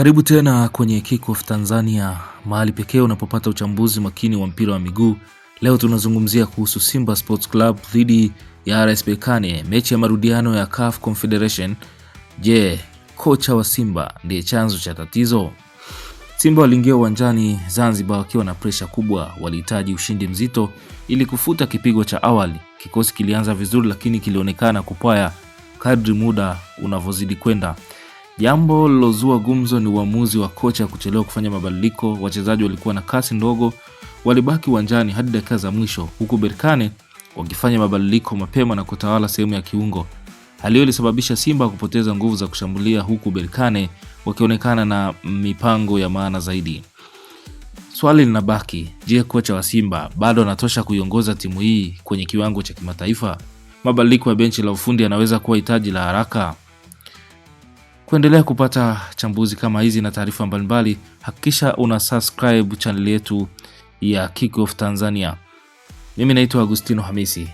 Karibu tena kwenye Kickoff Tanzania, mahali pekee unapopata uchambuzi makini wa mpira wa miguu. Leo tunazungumzia kuhusu Simba Sports Club dhidi ya RS Berkane, mechi ya marudiano ya CAF Confederation. Je, kocha wa Simba ndiye chanzo cha tatizo? Simba waliingia uwanjani Zanzibar wakiwa na presha kubwa, walihitaji ushindi mzito ili kufuta kipigo cha awali. Kikosi kilianza vizuri, lakini kilionekana kupaya kadri muda unavyozidi kwenda. Jambo lilozua gumzo ni uamuzi wa kocha kuchelewa kufanya mabadiliko. Wachezaji walikuwa na kasi ndogo, walibaki uwanjani hadi dakika za mwisho, huku Berkane wakifanya mabadiliko mapema na kutawala sehemu ya kiungo. Hali hiyo ilisababisha Simba kupoteza nguvu za kushambulia, huku Berkane wakionekana na mipango ya maana zaidi. Swali linabaki, je, kocha wa Simba bado anatosha kuiongoza timu hii kwenye kiwango cha kimataifa? Mabadiliko ya benchi la ufundi yanaweza kuwa hitaji la haraka. Kuendelea kupata chambuzi kama hizi na taarifa mbalimbali, hakikisha una subscribe chaneli yetu ya Kick Tanzania. Mimi naitwa Agustino Hamisi.